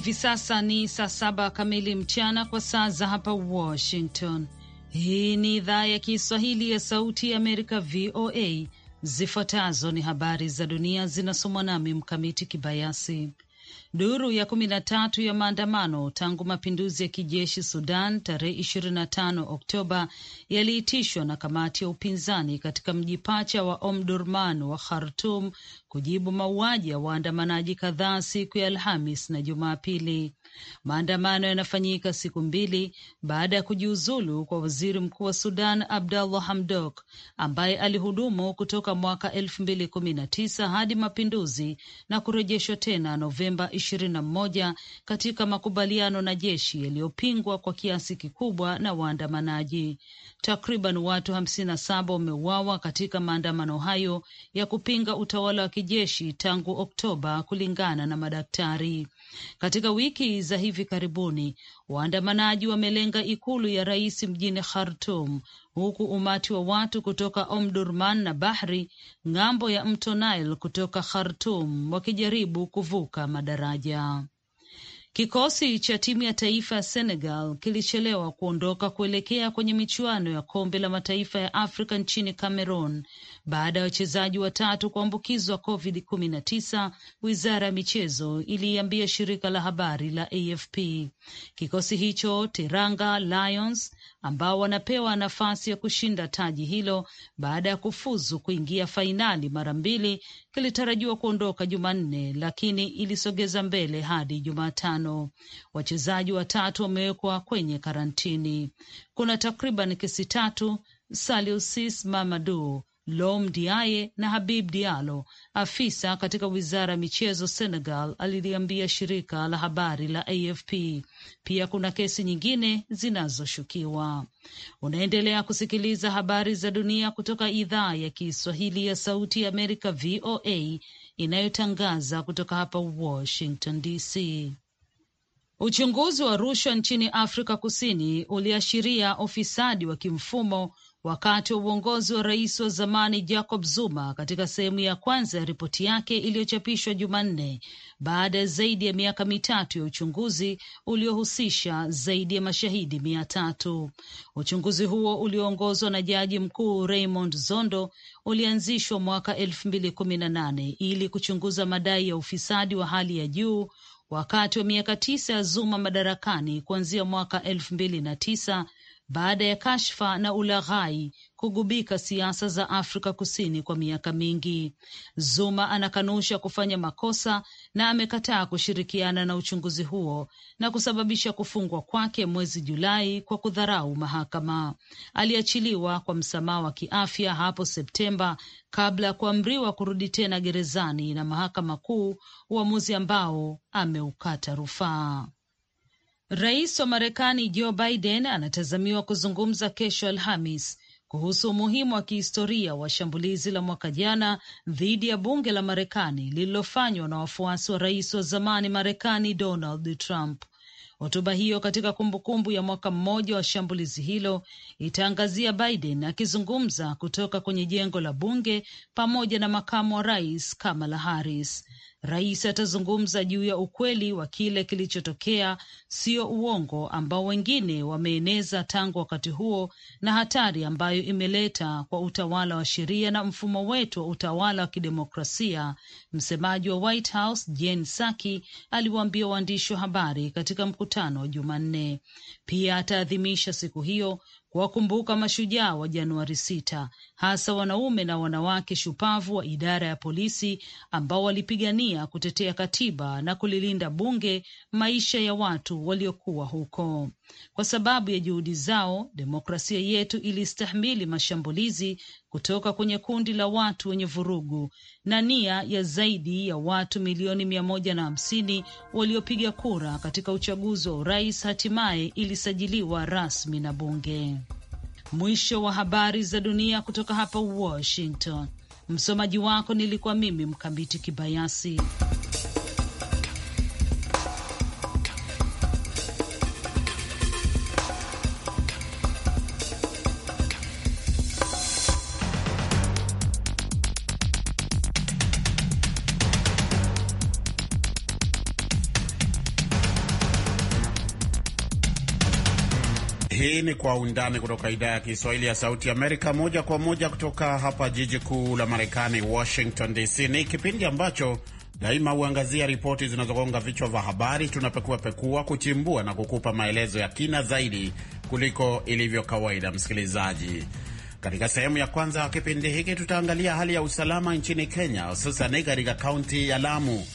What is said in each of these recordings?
Hivi sasa ni saa saba kamili mchana kwa saa za hapa Washington. Hii ni idhaa ya Kiswahili ya Sauti ya Amerika, VOA. Zifuatazo ni habari za dunia zinasomwa nami Mkamiti Kibayasi. Duru ya kumi na tatu ya maandamano tangu mapinduzi ya kijeshi Sudan tarehe 25 Oktoba yaliitishwa na kamati ya upinzani katika mji pacha wa Omdurman wa Khartum kujibu mauaji ya waandamanaji kadhaa siku ya Alhamis na Jumapili. Maandamano yanafanyika siku mbili baada ya kujiuzulu kwa waziri mkuu wa Sudan Abdallah Hamdok ambaye alihudumu kutoka mwaka elfu mbili kumi na tisa hadi mapinduzi na kurejeshwa tena Novemba ishirini na katika makubaliano na jeshi yaliyopingwa kwa kiasi kikubwa na waandamanaji. Takriban watu hamsini na saba wameuawa katika maandamano hayo ya kupinga utawala wa kijeshi tangu Oktoba, kulingana na madaktari. Katika wiki za hivi karibuni, waandamanaji wamelenga ikulu ya rais mjini Khartum, huku umati wa watu kutoka Omdurman na Bahri ng'ambo ya mto Nile kutoka Khartum wakijaribu kuvuka madaraja. Kikosi cha timu ya taifa ya Senegal kilichelewa kuondoka kuelekea kwenye michuano ya kombe la mataifa ya Afrika nchini Cameroon baada ya wachezaji watatu kuambukizwa COVID-19, wizara ya michezo iliambia shirika la habari la AFP. Kikosi hicho Teranga Lions ambao wanapewa nafasi ya kushinda taji hilo baada ya kufuzu kuingia fainali mara mbili, kilitarajiwa kuondoka Jumanne lakini ilisogeza mbele hadi Jumatano. Wachezaji watatu wamewekwa kwenye karantini. Kuna takriban kesi tatu. Salusis Mamadu Lom Diaye na Habib Diallo, afisa katika wizara ya michezo Senegal, aliliambia shirika la habari la AFP. Pia kuna kesi nyingine zinazoshukiwa. Unaendelea kusikiliza habari za dunia kutoka idhaa ya Kiswahili ya Sauti ya Amerika, VOA, inayotangaza kutoka hapa Washington DC. Uchunguzi wa rushwa nchini Afrika Kusini uliashiria ufisadi wa kimfumo wakati wa uongozi wa rais wa zamani Jacob Zuma katika sehemu ya kwanza ya ripoti yake iliyochapishwa Jumanne baada ya zaidi ya miaka mitatu ya uchunguzi uliohusisha zaidi ya mashahidi mia tatu. Uchunguzi huo ulioongozwa na jaji mkuu Raymond Zondo ulianzishwa mwaka elfu mbili kumi na nane ili kuchunguza madai ya ufisadi wa hali ya juu wakati wa miaka tisa ya Zuma madarakani kuanzia mwaka elfu mbili na tisa baada ya kashfa na ulaghai kugubika siasa za Afrika Kusini kwa miaka mingi. Zuma anakanusha kufanya makosa na amekataa kushirikiana na uchunguzi huo na kusababisha kufungwa kwake mwezi Julai kwa kudharau mahakama. Aliachiliwa kwa msamaha wa kiafya hapo Septemba kabla ya kuamriwa kurudi tena gerezani na mahakama kuu, uamuzi ambao ameukata rufaa. Rais wa Marekani Joe Biden anatazamiwa kuzungumza kesho Alhamis kuhusu umuhimu wa kihistoria wa shambulizi la mwaka jana dhidi ya bunge la Marekani lililofanywa na wafuasi wa rais wa zamani Marekani Donald Trump. Hotuba hiyo katika kumbukumbu ya mwaka mmoja wa shambulizi hilo itaangazia Biden akizungumza kutoka kwenye jengo la bunge pamoja na makamu wa rais Kamala Harris. Rais atazungumza juu ya ukweli wa kile kilichotokea, sio uongo ambao wengine wameeneza tangu wakati huo, na hatari ambayo imeleta kwa utawala wa sheria na mfumo wetu wa utawala wa kidemokrasia, msemaji wa White House Jen Psaki aliwaambia waandishi wa habari katika mkutano wa Jumanne. Pia ataadhimisha siku hiyo kuwakumbuka mashujaa wa Januari sita, hasa wanaume na wanawake shupavu wa idara ya polisi ambao walipigania kutetea katiba na kulilinda bunge, maisha ya watu waliokuwa huko. Kwa sababu ya juhudi zao, demokrasia yetu ilistahimili mashambulizi kutoka kwenye kundi la watu wenye vurugu na nia ya zaidi ya watu milioni mia moja na hamsini waliopiga kura katika uchaguzi wa urais hatimaye ilisajiliwa rasmi na bunge. Mwisho wa habari za dunia kutoka hapa Washington. Msomaji wako nilikuwa mimi Mkambiti Kibayasi. Hii ni Kwa Undani kutoka idhaa ya Kiswahili ya Sauti Amerika, moja kwa moja kutoka hapa jiji kuu la Marekani, Washington DC. Ni kipindi ambacho daima huangazia ripoti zinazogonga vichwa vya habari. Tunapekuapekua, kuchimbua na kukupa maelezo ya kina zaidi kuliko ilivyo kawaida. Msikilizaji, katika sehemu ya kwanza ya kipindi hiki tutaangalia hali ya usalama nchini Kenya, hususani katika kaunti ya Lamu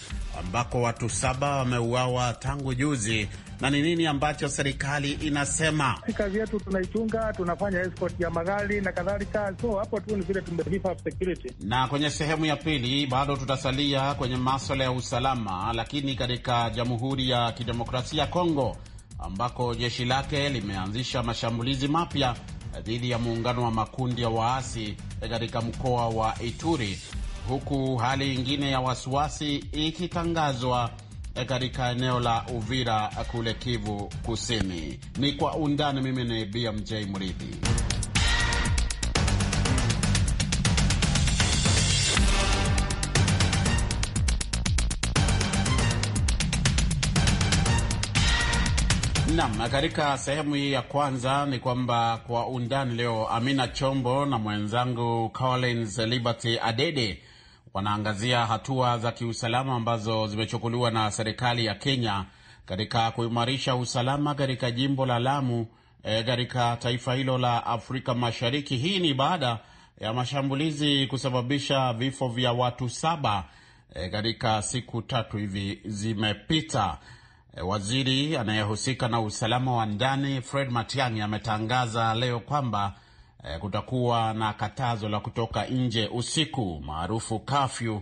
ambako watu saba wameuawa tangu juzi. Na ni nini ambacho serikali inasema? Si kazi yetu, tunaichunga, tunafanya escort ya magari na kadhalika. So hapo tu ni vile tumevifa security. Na kwenye sehemu ya pili bado tutasalia kwenye maswala ya usalama, lakini katika Jamhuri ya Kidemokrasia ya Kongo ambako jeshi lake limeanzisha mashambulizi mapya dhidi ya muungano wa makundi ya waasi katika mkoa wa Ituri huku hali ingine ya wasiwasi ikitangazwa eh, katika eneo la Uvira eh, kule Kivu Kusini. Ni kwa undani. Mimi ni BMJ Mridhi. Nam, katika sehemu hii ya kwanza ni kwamba kwa undani leo, Amina Chombo na mwenzangu Collins Liberty Adede wanaangazia hatua za kiusalama ambazo zimechukuliwa na serikali ya Kenya katika kuimarisha usalama katika jimbo la Lamu e, katika e, taifa hilo la Afrika Mashariki. Hii ni baada ya mashambulizi kusababisha vifo vya watu saba e, katika e, siku tatu hivi zimepita. E, waziri anayehusika na usalama wa ndani Fred Matiang'i ametangaza leo kwamba eh, kutakuwa na katazo la kutoka nje usiku maarufu kafyu,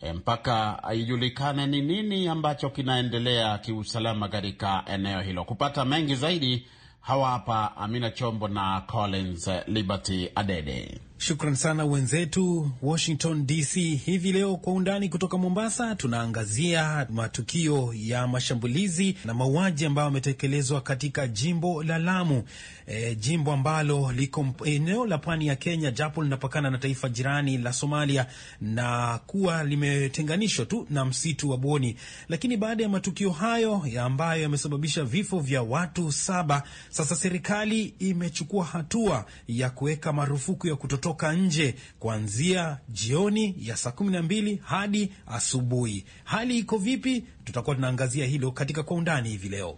eh, mpaka ijulikane ni nini ambacho kinaendelea kiusalama katika eneo hilo. Kupata mengi zaidi, hawa hapa Amina Chombo na Collins eh, Liberty Adede. Shukran sana wenzetu Washington DC. Hivi leo kwa undani kutoka Mombasa, tunaangazia matukio ya mashambulizi na mauaji ambayo yametekelezwa katika jimbo la Lamu, e, jimbo ambalo liko eneo la pwani ya Kenya, japo linapakana na taifa jirani la Somalia na kuwa limetenganishwa tu na msitu wa Boni. Lakini baada ya matukio hayo ya ambayo yamesababisha vifo vya watu saba, sasa serikali imechukua hatua ya kuweka marufuku ya kuto kutoka nje kuanzia jioni ya saa kumi na mbili hadi asubuhi. Hali iko vipi? Tutakuwa tunaangazia hilo katika kwa undani hivi leo.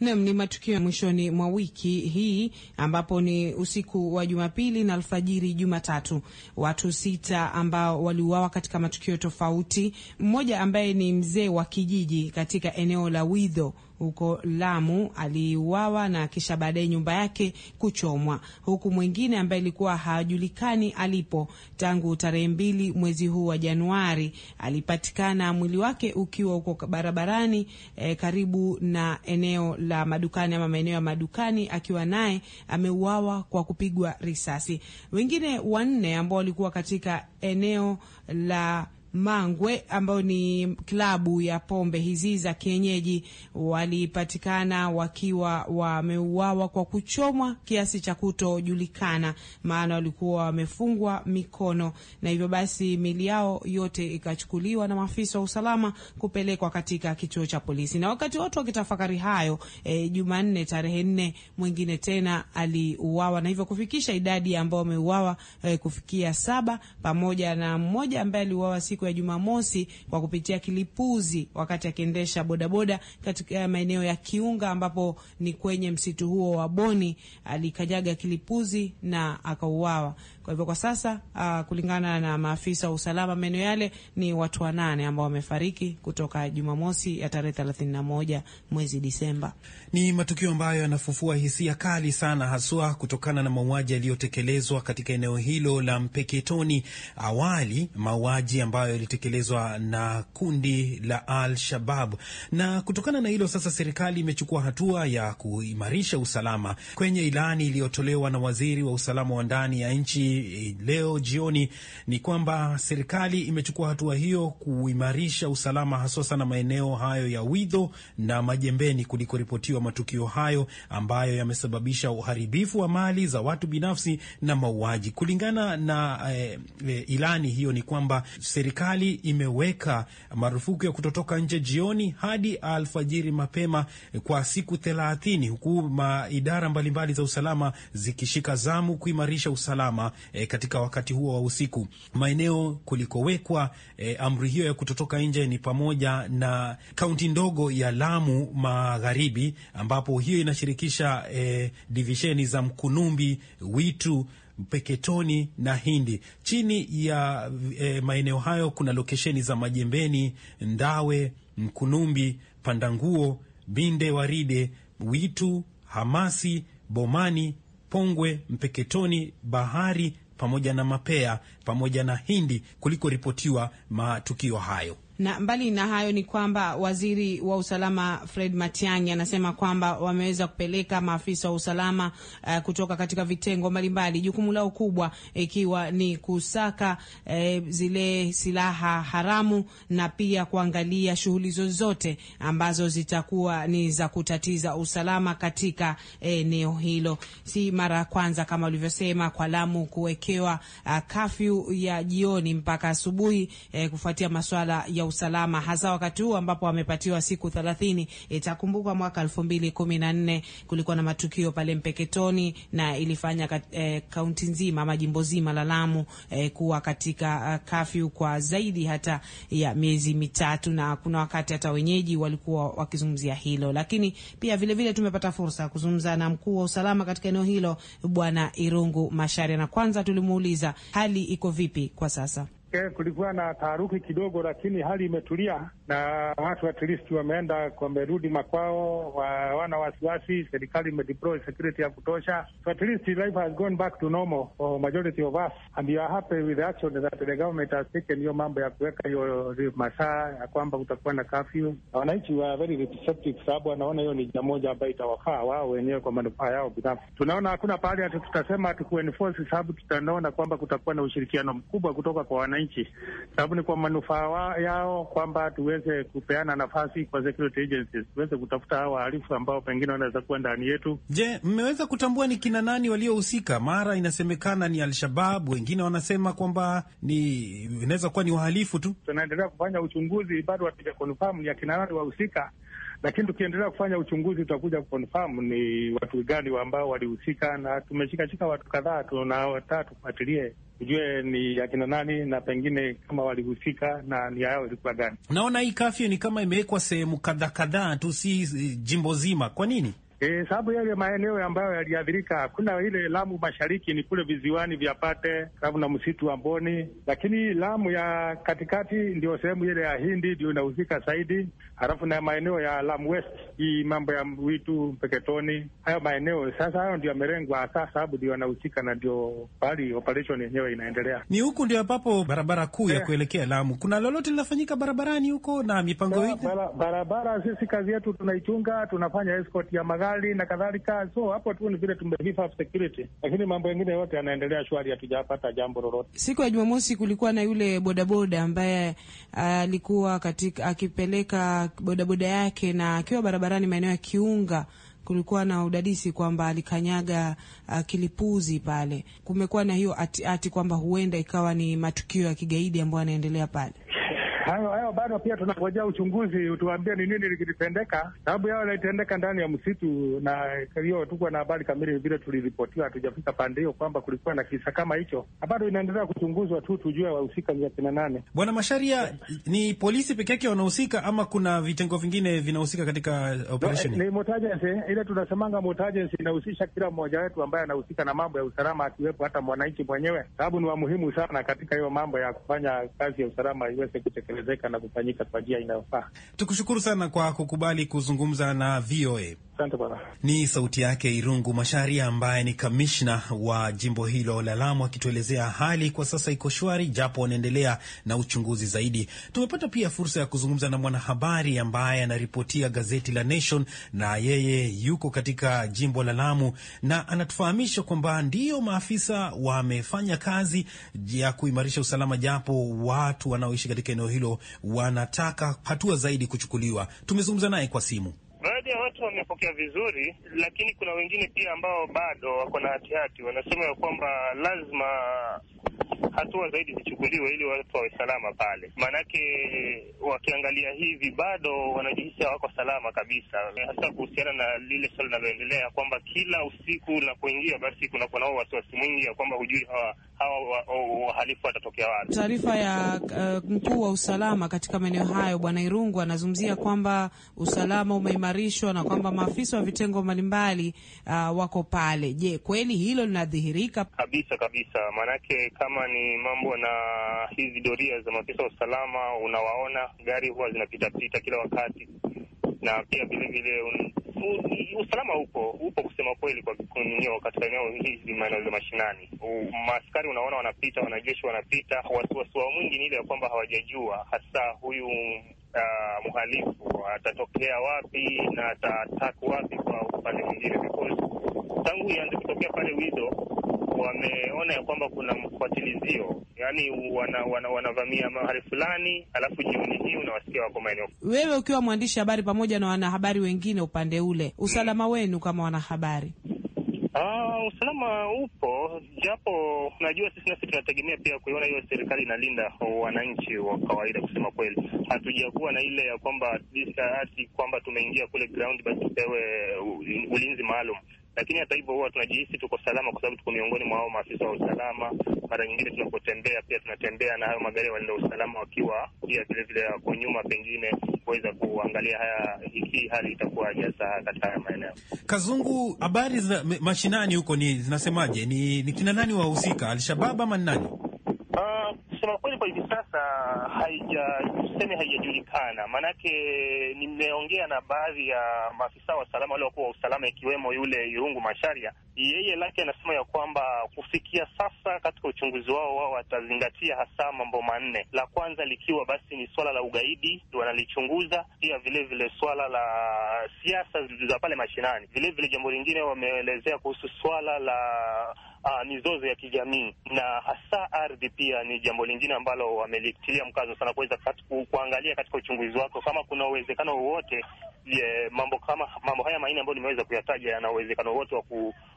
Nam, ni matukio ya mwishoni mwa wiki hii ambapo ni usiku wa Jumapili na alfajiri Jumatatu, watu sita ambao waliuawa katika matukio tofauti, mmoja ambaye ni mzee wa kijiji katika eneo la Widho huko Lamu aliuawa na kisha baadaye nyumba yake kuchomwa, huku mwingine ambaye alikuwa hajulikani alipo tangu tarehe mbili mwezi huu wa Januari alipatikana mwili wake ukiwa huko barabarani eh, karibu na eneo la madukani ama maeneo ya madukani, akiwa naye ameuawa kwa kupigwa risasi. Wengine wanne ambao walikuwa katika eneo la Mangwe ambayo ni klabu ya pombe hizi za kienyeji walipatikana wakiwa wameuawa kwa kuchomwa kiasi cha kutojulikana, maana walikuwa wamefungwa mikono, na hivyo basi mili yao yote ikachukuliwa na maafisa wa usalama kupelekwa katika kituo cha polisi. Na wakati watu wakitafakari hayo, e, Jumanne tarehe nne mwingine tena aliuawa, na hivyo kufikisha idadi ambao wameuawa e, kufikia saba, pamoja na mmoja ambaye aliuawa siku ya Jumamosi kwa kupitia kilipuzi wakati akiendesha bodaboda katika eh, maeneo ya Kiunga ambapo ni kwenye msitu huo wa Boni. Alikanyaga kilipuzi na akauawa. Kwa hivyo kwa sasa uh, kulingana na maafisa wa usalama, maeneo yale ni watu wanane ambao wamefariki kutoka Jumamosi ya tarehe 31 mwezi Disemba. Ni matukio ambayo yanafufua hisia kali sana, haswa kutokana na mauaji yaliyotekelezwa katika eneo hilo la Mpeketoni awali, mauaji ambayo yalitekelezwa na kundi la Al Shabab. Na kutokana na hilo sasa, serikali imechukua hatua ya kuimarisha usalama kwenye ilani iliyotolewa na waziri wa usalama wa ndani ya nchi leo jioni ni kwamba serikali imechukua hatua hiyo kuimarisha usalama haswa sana maeneo hayo ya Widho na Majembeni kulikoripotiwa matukio hayo ambayo yamesababisha uharibifu wa mali za watu binafsi na mauaji. Kulingana na eh, eh, ilani hiyo ni kwamba serikali imeweka marufuku ya kutotoka nje jioni hadi alfajiri mapema kwa siku thelathini huku maidara mbalimbali za usalama zikishika zamu kuimarisha usalama e, katika wakati huo wa usiku. Maeneo kulikowekwa e, amri hiyo ya kutotoka nje ni pamoja na kaunti ndogo ya Lamu Magharibi ambapo hiyo inashirikisha e, divisheni za Mkunumbi, Witu Mpeketoni na Hindi. Chini ya e, maeneo hayo kuna lokesheni za Majembeni, Ndawe, Mkunumbi, Pandanguo, Binde, Waride, Witu, Hamasi, Bomani kongwe, mpeketoni, bahari pamoja na mapea pamoja na hindi kulikoripotiwa matukio hayo. Na mbali na hayo ni kwamba waziri wa usalama Fred Matiang'i anasema kwamba wameweza kupeleka maafisa wa usalama uh, kutoka katika vitengo mbalimbali, jukumu lao kubwa ikiwa ni kusaka uh, zile silaha haramu na pia kuangalia shughuli zozote ambazo zitakuwa ni za kutatiza usalama katika eneo uh, hilo. Si mara ya kwanza kama ulivyosema kwa Lamu kuwekewa eh, kafyu ya jioni mpaka asubuhi uh, kufuatia masuala ya usalama, hasa wakati huu ambapo wamepatiwa siku thelathini. Itakumbukwa mwaka elfu mbili kumi na nne kulikuwa na matukio pale Mpeketoni na ilifanya kat, eh, kaunti nzima ama jimbo zima la Lamu eh, kuwa katika uh, eh, kafyu kwa zaidi hata ya miezi mitatu, na kuna wakati hata wenyeji walikuwa wakizungumzia hilo, lakini pia vilevile vile tumepata fursa ya kuzungumza na mkuu wa usalama katika eneo hilo Bwana Irungu Macharia, na kwanza tulimuuliza hali iko vipi kwa sasa eh, kulikuwa na taharuki kidogo, lakini hali imetulia na watu at least wameenda, wamerudi makwao, hawana wasiwasi. Serikali imedeploy security ya kutosha, so at least life has gone back to normal for majority of us and you are happy with the action that the government has taken. Hiyo mambo ya kuweka hiyo masaa ya kwamba utakuwa na kafyu, wananchi wa very receptive, sababu wanaona hiyo ni njia moja ambayo itawafaa wao wenyewe kwa manufaa yao binafsi. Tunaona hakuna pahali hati tutasema hatukuenforce, sababu tutaona kwamba kutakuwa na ushirikiano mkubwa kutoka kwa wananchi wananchi, sababu ni kwa manufaa yao kwamba tuweze kupeana nafasi kwa security agencies, tuweze kutafuta hawa wahalifu ambao pengine wanaweza kuwa ndani yetu. Je, mmeweza kutambua ni kina nani waliohusika? Mara inasemekana ni Alshabab, wengine wanasema kwamba ni inaweza kuwa ni wahalifu tu. Tunaendelea kufanya uchunguzi, bado hatuja confirm ni akina nani wahusika lakini tukiendelea kufanya uchunguzi tutakuja kuconfirm ni watu gani ambao walihusika, na tumeshikashika watu kadhaa, tunawataka tufuatilie tujue ni akina nani na pengine kama walihusika na nia yao ilikuwa gani. Naona hii kafyu ni kama imewekwa sehemu kadhaa kadhaa tu, si eh, jimbo zima. Kwa nini? E, sababu yale maeneo ambayo yaliathirika, kuna ile Lamu mashariki ni kule viziwani vya Pate, sababu na msitu wa Mboni, lakini Lamu ya katikati ndio sehemu ile ya Hindi ndio inahusika zaidi, halafu na maeneo ya Lamu West, hii mambo ya Mwitu, Mpeketoni, hayo maeneo sasa, hayo ndio yamelengwa hasa, sababu ndio yanahusika na ndio pahali operation yenyewe inaendelea. Ni huku ndio ambapo barabara kuu yeah, ya eh. kuelekea Lamu. Kuna lolote linafanyika barabarani huko na mipango hii? Barabara, barabara sisi kazi yetu tunaichunga, tunafanya escort ya magari serikali na kadhalika. So hapo tu ni vile tumevifa security, lakini mambo mengine yote yanaendelea shwari, hatujapata jambo lolote. Siku ya Jumamosi kulikuwa na yule bodaboda ambaye ah, alikuwa katika akipeleka bodaboda yake na akiwa barabarani maeneo ya Kiunga kulikuwa na udadisi kwamba alikanyaga uh, kilipuzi pale. Kumekuwa na hiyo ati ati kwamba huenda ikawa ni matukio ya kigaidi ambayo yanaendelea pale hayo hayo bado pia tunangojea uchunguzi utuambie ni nini likitendeka, sababu yao yalitendeka ndani ya msitu, na hiyo tuko na habari kamili vile tuliripotiwa. Hatujafika pande hiyo kwamba kulikuwa na kisa kama hicho, bado inaendelea kuchunguzwa tu tujue wahusika ni akina nane. Bwana Masharia, ni polisi peke yake wanahusika ama kuna vitengo vingine vinahusika katika operation? No, eh, ni motajensi ile tunasemanga motajensi inahusisha kila mmoja wetu ambaye anahusika na mambo ya usalama, akiwepo hata mwananchi mwenyewe, sababu ni wa muhimu sana katika hiyo mambo ya kufanya kazi ya usalama iweze kutekelezwa kutekelezeka na kufanyika kwa njia inayofaa. Tukushukuru sana kwa kukubali kuzungumza na VOA. Asante bwana. Ni sauti yake Irungu Masharia, ambaye ni kamishna wa jimbo hilo la Lamu, akituelezea hali kwa sasa iko shwari, japo wanaendelea na uchunguzi zaidi. Tumepata pia fursa ya kuzungumza na mwanahabari ambaye anaripotia gazeti la Nation, na yeye yuko katika jimbo la Lamu, na anatufahamisha kwamba ndiyo maafisa wamefanya kazi ya kuimarisha usalama, japo watu wanaoishi katika eneo hilo wanataka hatua zaidi kuchukuliwa. Tumezungumza naye kwa simu. Baadhi ya watu wamepokea vizuri, lakini kuna wengine pia ambao bado wako na hatihati, wanasema ya kwamba lazima hatua zaidi zichukuliwe ili watu wawe salama pale. Maanake wakiangalia hivi bado wanajihisi hawako salama kabisa, hasa kuhusiana na lile swala linaloendelea kwamba kila usiku unapoingia basi kunakuwa nao wasiwasi mwingi ya kwamba hujui hawa hawa wahalifu watatokea wapi? Taarifa ya uh, mkuu wa usalama katika maeneo hayo Bwana Irungu anazungumzia kwamba usalama umeimarishwa na kwamba maafisa wa vitengo mbalimbali uh, wako pale. Je, kweli hilo linadhihirika? Kabisa kabisa, maanake kama ni mambo na hizi doria za maafisa wa usalama, unawaona gari huwa zinapitapita kila wakati na pia vilevile usalama upo upo kusema kweli, kwa kunio katika eneo hizi maeneo za mashinani, maaskari unaona wanapita, wanajeshi wanapita. Wasiwasi wao mwingi ni ile ya kwamba hawajajua hasa huyu uh, mhalifu atatokea wapi na atataku wapi kwa upande mwingine, because tangu ianze kutokea pale Wido wameona ya kwamba kuna mfuatilizio, yaani wanavamia wana, wana mahali fulani, alafu jioni hii unawasikia wako maeneo. Wewe ukiwa mwandishi habari pamoja na wanahabari wengine upande ule, usalama wenu kama wanahabari? Uh, usalama upo japo, unajua sisi nasi tunategemea pia kuiona hiyo serikali inalinda wananchi wa kawaida. Kusema kweli, hatujakuwa na ile ya kwamba ati ah, kwamba tumeingia kule ground basi tupewe ulinzi maalum. Lakini hata hivyo, huwa tunajihisi tuko salama, kwa sababu tuko miongoni mwa hao maafisa wa usalama. Mara nyingine tunapotembea, pia tunatembea na hayo magari ya walinda usalama, wakiwa pia vilevile wako nyuma, pengine kuweza kuangalia haya hii hali itakuwaje hasa katika haya maeneo. Kazungu, habari za mashinani huko ni zinasemaje? Ni, ni kina nani wahusika, Alshabab ama ni nani? Ah, kusema uh, kweli kwa hivi sasa haijaseme haijajulikana, maanake nimeongea na baadhi ya maafisa wa usalama wale wa usalama, ikiwemo yule Irungu Masharia, yeye lake anasema ya kwamba kufikia sasa katika uchunguzi wao wao watazingatia hasa mambo manne, la kwanza likiwa basi ni swala la ugaidi wanalichunguza, pia vilevile swala la siasa za pale mashinani, vilevile jambo lingine wameelezea kuhusu swala la uh, mizozo ya kijamii na hasa ardhi. Pia ni jambo lingine ambalo wamelitilia mkazo sana, kuweza kuangalia katika uchunguzi wako kama kuna uwezekano wowote mambo kama mambo haya manne ambayo nimeweza kuyataja yana uwezekano wote wa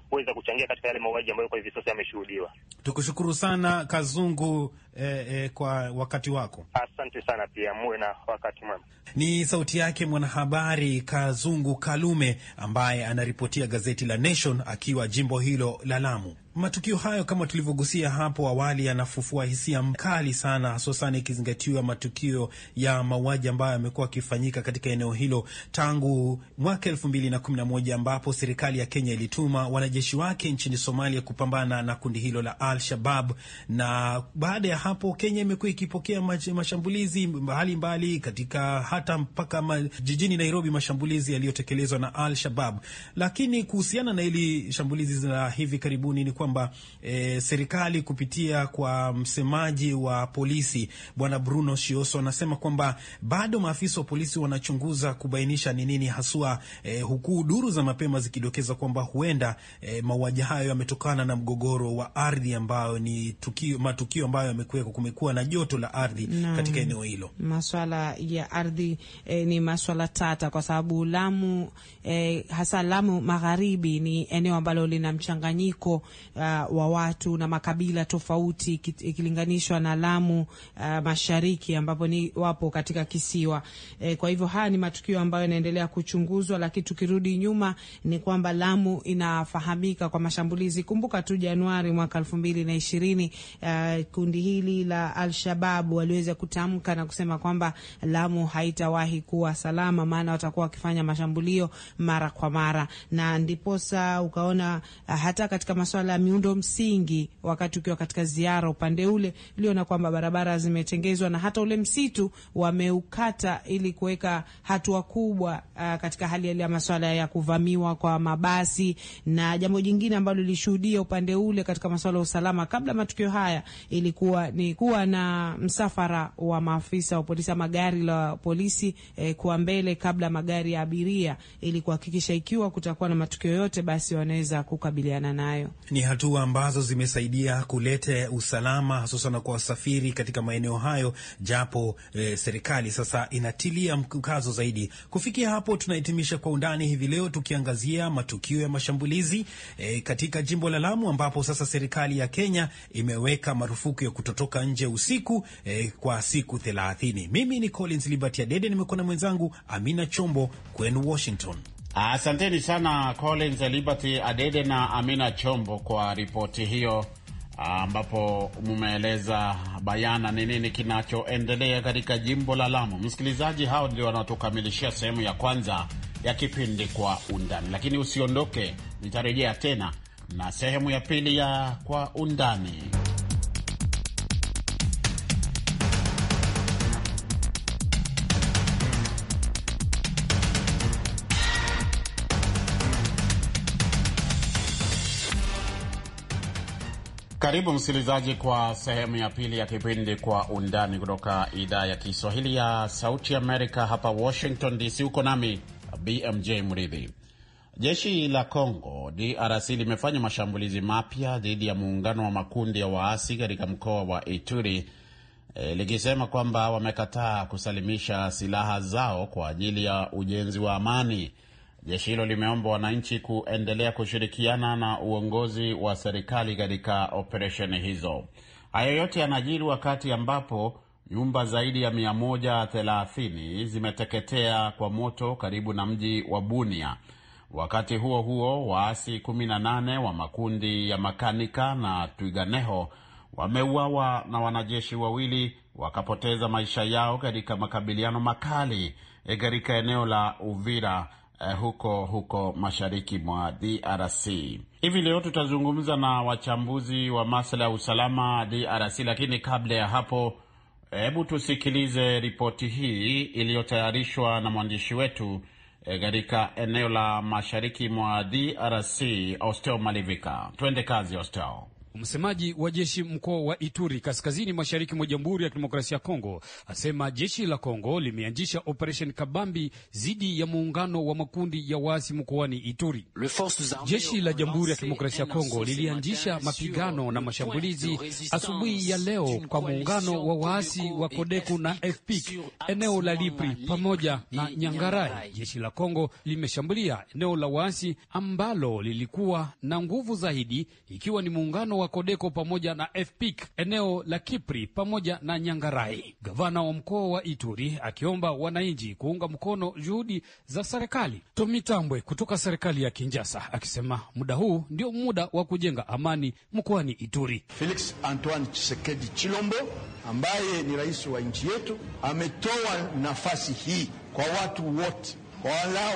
kuweza kuchangia katika yale mauaji ambayo kwa hivi sasa yameshuhudiwa. Tukushukuru sana Kazungu eh, eh, kwa wakati wako, asante sana pia, muwe na wakati mwema. Ni sauti yake mwanahabari Kazungu Kalume ambaye anaripotia gazeti la Nation akiwa jimbo hilo la Lamu. Matukio hayo kama tulivyogusia hapo awali yanafufua hisia mkali sana, hususan ikizingatiwa matukio ya mauaji ambayo yamekuwa yakifanyika katika eneo hilo tangu mwaka elfu mbili na kumi na moja ambapo serikali ya Kenya ilituma wanajeshi wanajeshi wake nchini Somalia kupambana na kundi hilo la Al Shabab. Na baada ya hapo, Kenya imekuwa ikipokea mashambulizi mbalimbali katika hata mpaka ma, jijini Nairobi, mashambulizi yaliyotekelezwa na Al Shabab. Lakini kuhusiana na hili shambulizi la hivi karibuni ni kwamba e, serikali kupitia kwa msemaji wa polisi Bwana Bruno Shioso anasema kwamba bado maafisa wa polisi wanachunguza kubainisha ni nini haswa, e, huku duru za mapema zikidokeza kwamba huenda e, E, mauaji hayo yametokana na mgogoro wa ardhi ambayo ni tukio, matukio ambayo yamekuweko. Kumekuwa na joto la ardhi katika eneo hilo. Maswala ya ardhi e, ni maswala tata kwa sababu Lamu e, hasa Lamu Magharibi ni eneo ambalo lina mchanganyiko uh, wa watu na makabila tofauti ikilinganishwa na Lamu uh, Mashariki ambapo ni wapo katika kisiwa e, kwa hivyo haya ni matukio ambayo yanaendelea kuchunguzwa, lakini tukirudi nyuma ni kwamba Lamu inafahamika linafahamika kwa mashambulizi. Kumbuka tu Januari mwaka elfu mbili na ishirini uh, kundi hili la Alshabab waliweza kutamka na kusema kwamba Lamu haitawahi kuwa salama, maana watakuwa wakifanya mashambulio mara kwa mara, na ndiposa ukaona uh, hata katika masuala ya miundo msingi, wakati ukiwa katika ziara upande ule uliona kwamba barabara zimetengezwa na hata ule msitu wameukata ili kuweka hatua kubwa uh, katika hali ya masuala ya kuvamiwa kwa mabasi na jambo jingine ambalo lilishuhudia upande ule katika masuala ya usalama kabla matukio haya ilikuwa ni kuwa na msafara wa maafisa wa polisi ama gari la polisi eh, kuwa mbele kabla magari ya abiria ili kuhakikisha ikiwa kutakuwa na matukio yote basi wanaweza kukabiliana nayo. Ni hatua ambazo zimesaidia kuleta usalama hususan kwa wasafiri katika maeneo hayo, japo eh, serikali sasa inatilia mkazo zaidi. Kufikia hapo tunahitimisha kwa undani hivi leo tukiangazia matukio ya mashambulizi e, katika jimbo la Lamu ambapo sasa serikali ya Kenya imeweka marufuku ya kutotoka nje usiku e, kwa siku thelathini. Mimi ni Collins Liberty Adede, nimekuwa na mwenzangu Amina Chombo kwenu Washington. Asanteni sana Collins Liberty Adede na Amina Chombo kwa ripoti hiyo ambapo mumeeleza bayana ni nini kinachoendelea katika jimbo la Lamu. Msikilizaji, hao ndio wanatukamilishia sehemu ya kwanza ya kipindi Kwa Undani, lakini usiondoke, nitarejea tena na sehemu ya pili ya Kwa Undani. Karibu msikilizaji, kwa sehemu ya pili ya kipindi Kwa Undani kutoka idhaa ya Kiswahili ya Sauti Amerika hapa Washington DC. Uko nami BMJ Mridhi. Jeshi la Congo DRC limefanya mashambulizi mapya dhidi ya muungano wa makundi ya waasi katika mkoa wa Ituri e, likisema kwamba wamekataa kusalimisha silaha zao kwa ajili ya ujenzi wa amani. Jeshi hilo limeomba wananchi kuendelea kushirikiana na uongozi wa serikali katika operesheni hizo. Hayo yote yanajiri wakati ambapo Nyumba zaidi ya 130 zimeteketea kwa moto karibu na mji wa Bunia. Wakati huo huo, waasi 18 wa makundi ya Makanika na Twiganeho wameuawa na wanajeshi wawili wakapoteza maisha yao katika makabiliano makali eh, katika eneo la Uvira eh, huko huko mashariki mwa DRC. Hivi leo tutazungumza na wachambuzi wa masuala ya usalama DRC, lakini kabla ya hapo Hebu tusikilize ripoti hii iliyotayarishwa na mwandishi wetu eh, katika eneo la mashariki mwa DRC, Ostel Malivika. Twende kazi, Ostel. Msemaji wa jeshi mkoa wa Ituri kaskazini mashariki mwa Jamhuri ya Kidemokrasia ya Kongo asema jeshi la Kongo limeanzisha operesheni kabambi dhidi ya muungano wa makundi ya waasi mkoani Ituri. Jeshi la Jamhuri ya Kidemokrasia ya Kongo lilianjisha mapigano na mashambulizi asubuhi ya leo kwa muungano wa waasi wa Kodeku na FPIC eneo la Lipri pamoja na Nyangarai. Jeshi la Kongo limeshambulia eneo la waasi ambalo lilikuwa na nguvu zaidi, ikiwa ni muungano wa Kodeko pamoja na FPIC eneo la Kipri pamoja na Nyangarai. Gavana wa mkoa wa Ituri akiomba wananchi kuunga mkono juhudi za serikali. Tomi Tambwe kutoka serikali ya kinjasa akisema muda huu ndio muda wa kujenga amani mkoani Ituri. Felix Antoine Tshisekedi Chilombo ambaye ni rais wa nchi yetu ametoa nafasi hii kwa watu wote kwa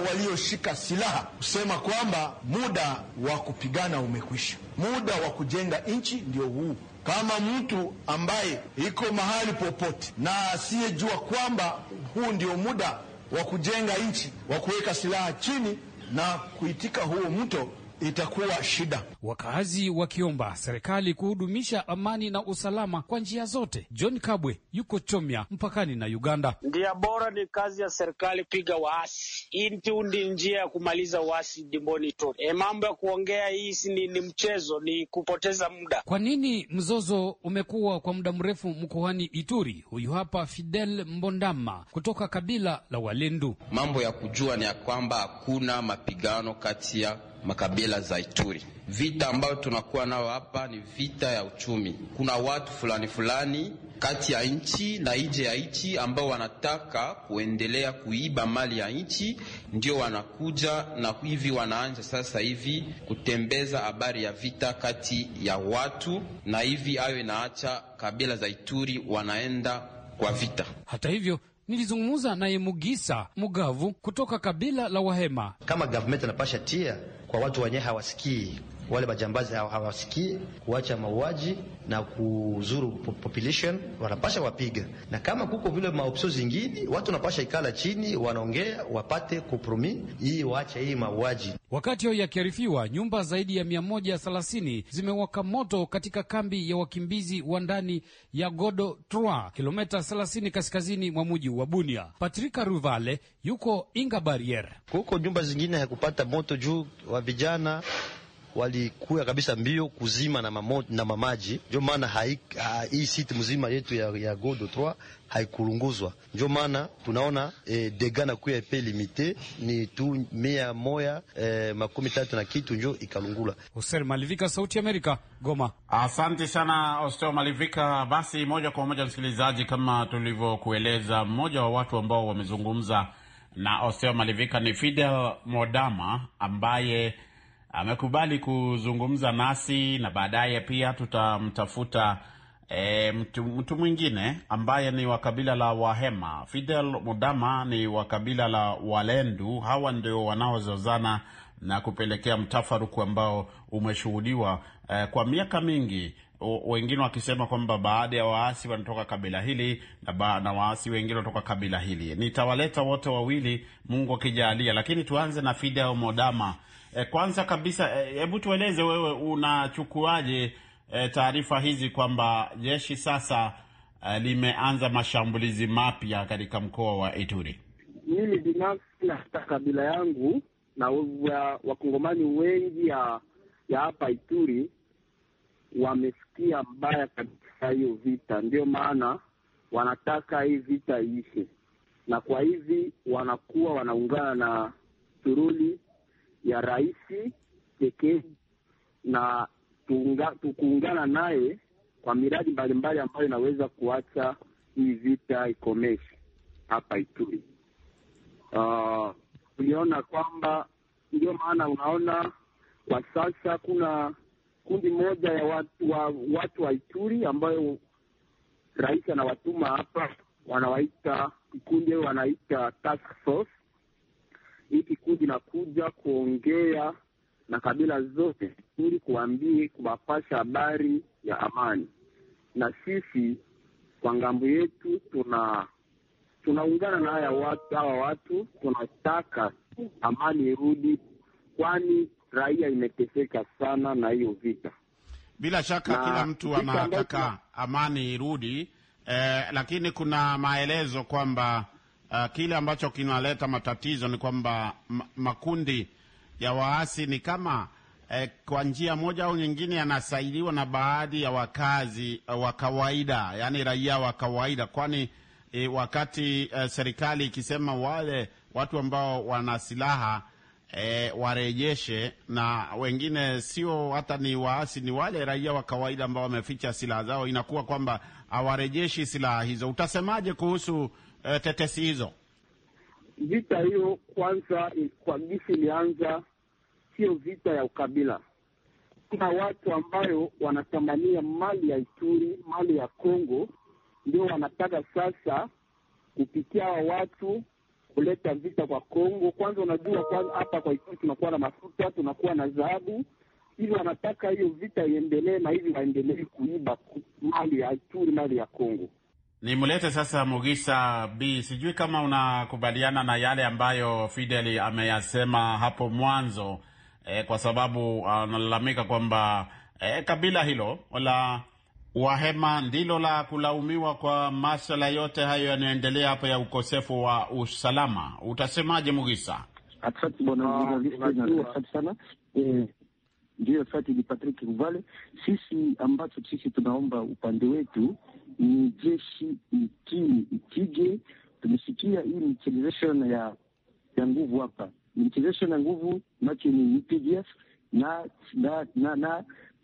walioshika silaha kusema kwamba muda wa kupigana umekwisha, muda wa kujenga nchi ndio huu. Kama mtu ambaye iko mahali popote na asiyejua kwamba huu ndio muda wa kujenga nchi, wa kuweka silaha chini na kuitika huo mto itakuwa shida. Wakaazi wakiomba serikali kuhudumisha amani na usalama kwa njia zote. John Kabwe yuko Chomya, mpakani na Uganda. Ndia bora ni kazi ya serikali piga waasi, hii ndi njia ya kumaliza waasi jimboni tu. E, mambo ya kuongea hii ni, ni mchezo, ni kupoteza muda. Kwa nini mzozo umekuwa kwa muda mrefu mkoani Ituri? Huyu hapa Fidel Mbondama kutoka kabila la Walendu. Mambo ya kujua ni ya kwamba hakuna mapigano kati ya makabila za Ituri. Vita ambayo tunakuwa nayo hapa ni vita ya uchumi. Kuna watu fulani fulani kati ya nchi na nje ya nchi ambao wanataka kuendelea kuiba mali ya nchi, ndio wanakuja na hivi wanaanza sasa hivi kutembeza habari ya vita kati ya watu, na hivi ayo inaacha kabila za Ituri wanaenda kwa vita. Hata hivyo Nilizungumza naye Mugisa Mugavu kutoka kabila la Wahema. Kama gavumenti anapasha tia kwa watu wenyewe hawasikii wale majambazi hawasikii kuacha mauaji na kuzuru population, wanapasha wapiga, na kama kuko vile maopsio zingine, watu wanapasha ikala chini, wanaongea wapate kompromis hii, waache hii mauaji. Wakati hoyo yakiarifiwa, nyumba zaidi ya 130 zimewaka moto katika kambi ya wakimbizi wa ndani ya Godo t kilomita 30 kaskazini mwa muji wa Bunia. Patrika Ruvale yuko Inga Barriere. Kuko nyumba zingine hakupata moto juu wa vijana walikuwa kabisa mbio kuzima na, mamo, na mamaji. Ndio maana hii site mzima yetu ya, ya Godo 3 haikulunguzwa. Ndio maana tunaona e, eh, dega na kuya epe limite ni tu mia moya e, makumi tatu na kitu njo ikalungula. Hussein Malivika, Sauti Amerika, Goma. Asante sana Osteo Malivika. Basi moja kwa moja, msikilizaji, kama tulivyokueleza, mmoja wa watu ambao wamezungumza na Osteo Malivika ni Fidel Modama ambaye amekubali kuzungumza nasi na baadaye pia tutamtafuta e, mtu, mtu mwingine ambaye ni wa kabila la Wahema. Fidel Mudama ni wa kabila la Walendu. Hawa ndio wanaozozana na kupelekea mtafaruku ambao umeshuhudiwa e, kwa miaka mingi wengine wakisema kwamba baadhi ya waasi wanatoka kabila hili na, ba, na waasi wengine wanatoka kabila hili. Nitawaleta wote wawili Mungu akijalia, lakini tuanze na Fidel Modama E, kwanza kabisa eh, hebu e, tueleze wewe unachukuaje e, taarifa hizi kwamba jeshi sasa e, limeanza mashambulizi mapya katika mkoa wa Ituri? Mimi binafsi na hata kabila yangu na wakongomani wengi ya ya hapa Ituri wamesikia mbaya kabisa hiyo vita, ndio maana wanataka hii vita iishe, na kwa hivi wanakuwa wanaungana na turuli ya Rais pekee na tukuungana naye kwa miradi mbalimbali ambayo inaweza kuacha hii vita ikomeshe hapa Ituri. Uh, ah, uliona kwamba ndio maana unaona kwa sasa kuna kundi moja ya watu wa, watu wa Ituri ambayo rais anawatuma hapa, wanawaita kundi wanaita task force hiki kundi nakuja kuongea na kabila zote ili kuambie kuwapasha habari ya amani, na sisi kwa ngambo yetu tuna tunaungana na haya watu hawa watu, tunataka amani irudi, kwani raia imeteseka sana na hiyo vita. Bila shaka na kila mtu anataka amani irudi eh, lakini kuna maelezo kwamba uh, kile ambacho kinaleta matatizo ni kwamba makundi ya waasi ni kama eh, kwa njia moja au nyingine yanasaidiwa na baadhi ya wakazi eh, wa kawaida, yani raia wa kawaida, kwani eh, wakati eh, serikali ikisema wale watu ambao wana silaha E, warejeshe na wengine sio hata ni waasi, ni wale raia wa kawaida ambao wameficha silaha zao, inakuwa kwamba hawarejeshi silaha hizo. Utasemaje kuhusu uh, tetesi hizo? Vita hiyo kwanza, kwa gisi ilianza, sio vita ya ukabila. Kuna watu ambayo wanatamania mali ya Ituri, mali ya Kongo, ndio wanataka sasa kupitia wa watu kuleta vita kwa Kongo. Kwanza unajua, kwanza hapa kwa Ituri tunakuwa na mafuta, tunakuwa na dhahabu, hivi wanataka hiyo vita iendelee, na hivi waendelee kuiba mali ya Ituri, mali ya Kongo. Nimlete sasa Mugisa B, sijui kama unakubaliana na yale ambayo Fidel ameyasema hapo mwanzo eh, kwa sababu analalamika uh, kwamba eh, kabila hilo la Wahema ndilo la kulaumiwa kwa masala yote hayo yanayoendelea hapo ya ukosefu wa usalama. Utasemaje Mugisa? Asante bwana ah, sana. Eh, Ndiyo, asante ni Patrick Mvale. Sisi ambacho sisi tunaomba upande wetu ni jeshi nchini ikije. Tumesikia hii mcheezeshon ya ya nguvu hapa, ni ya nguvu macho ni UPDF na na, na na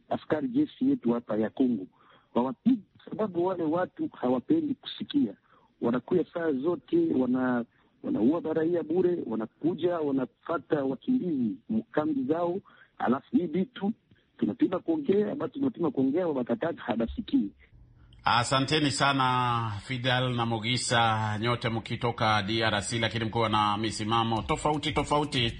askari jeshi yetu hapa ya Kongo wawapigi, sababu wale watu hawapendi kusikia, wanakuya saa zote wana wanaua baraia bure, wanakuja wanafata wakimbizi mkambi zao, alafu hii vitu tunapima kuongea ba tunapima kuongea, wabakataka habasikii Asanteni sana Fidel na Mogisa, nyote mkitoka DRC, lakini mkiwa na misimamo tofauti tofauti,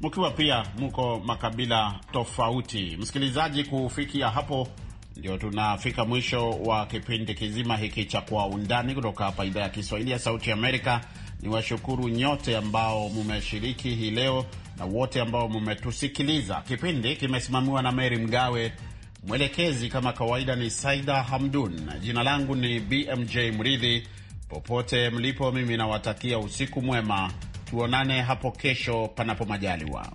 mkiwa pia mko makabila tofauti. Msikilizaji, kufikia hapo ndio tunafika mwisho wa kipindi kizima hiki cha Kwa Undani kutoka hapa idhaa ya Kiswahili ya Sauti Amerika. Ni washukuru nyote ambao mmeshiriki hii leo na wote ambao mmetusikiliza. Kipindi kimesimamiwa na Meri Mgawe Mwelekezi kama kawaida ni Saida Hamdun. Jina langu ni BMJ Mridhi. Popote mlipo, mimi nawatakia usiku mwema. Tuonane hapo kesho, panapo majaliwa.